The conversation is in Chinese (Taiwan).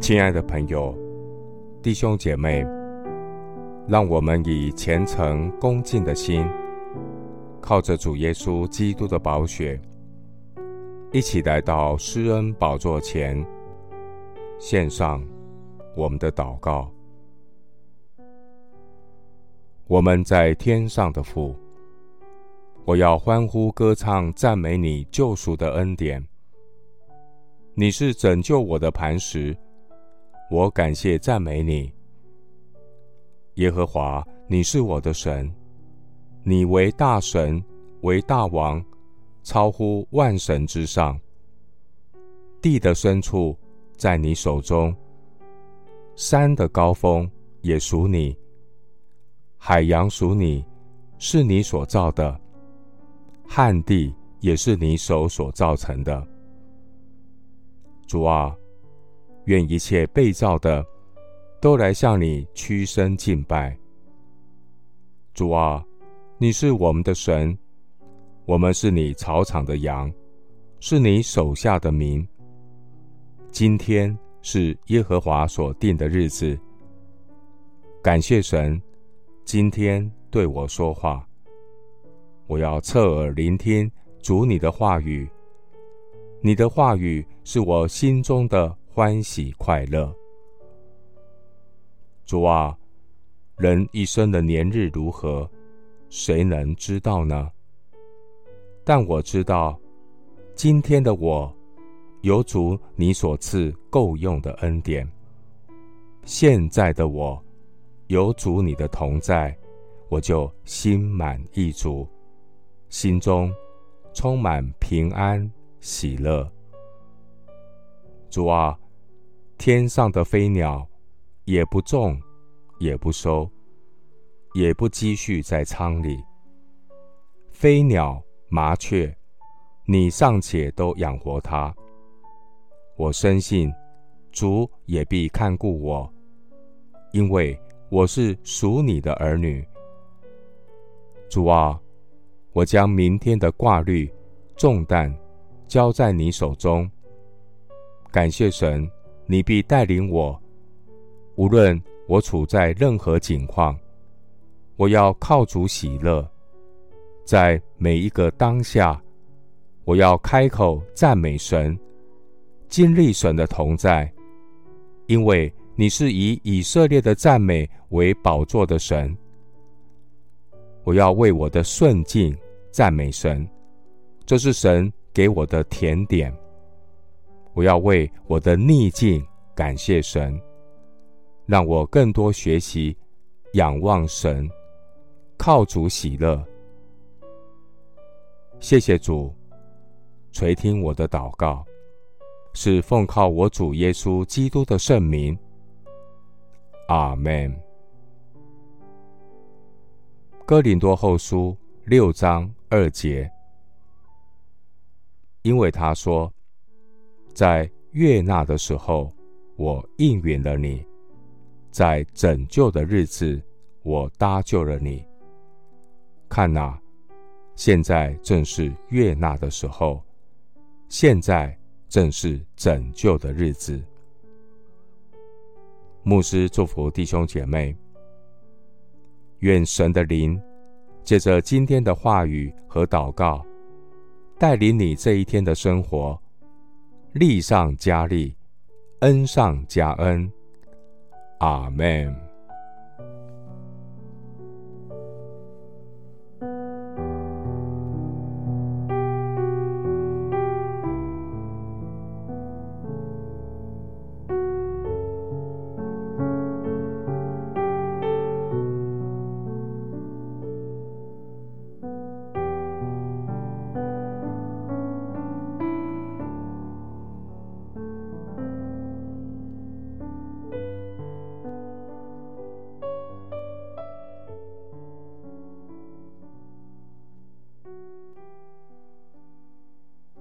親愛的朋友、弟兄姐妹，讓我們以虔誠恭敬的心，靠着主耶穌基督的寶血，一起來到施恩寶座前，獻上我們的禱告。我們在天上的父，我要歡呼歌唱，讚美你救贖的恩典。你是拯救我的磐石。我感謝讚美你，耶和華，你是我的神，你為大神，為大王，超乎萬神之上。地的深處在你手中，山的高峰也屬你，海洋屬你，是你所造的，旱地也是你手所造成的。主啊。願一切被造的，都來向你屈身敬拜。主啊，你是我們的神，我們是你草場的羊，是你手下的民。今天是耶和華所定的日子。感謝神，今天對我說話，我要側耳聆聽主你的話語。你的話語是我心中的。歡喜快樂，主啊，人一生的年日如何，誰能知道呢？但我知道，今天的我有主你所賜夠用的恩典，現在的我有主你的同在，我就心滿意足，心中充滿平安喜樂。主啊，天上的飛鳥也不種，也不收，也不積蓄在倉裡。飛鳥、麻雀，你尚且都養活它，我深信主也必看顧我，因為我是屬你的兒女。主啊，我將明天的掛慮重擔交在你手中。感謝神，你必帶領我，無論我處在任何境況，我要靠主喜樂，在每一個當下，我要開口讚美神，經歷神的同在，因為你是以以色列的讚美為寶座的神。我要為我的順境讚美神，這是神給我的甜點。我要為我的逆境感謝神，讓我更多學習仰望神，靠主喜樂。謝謝主，垂聽我的禱告，是奉靠我主耶穌基督的聖名。阿們。哥林多後書六章二節，因為他說，在悅納的時候，我應允了你；在拯救的日子，我搭救了你。看哪，現在正是悅納的時候，現在正是拯救的日子。牧師祝福弟兄姐妹，願神的靈借着今天的話語和禱告，帶領你這一天的生活。力上加力，恩上加恩。阿門。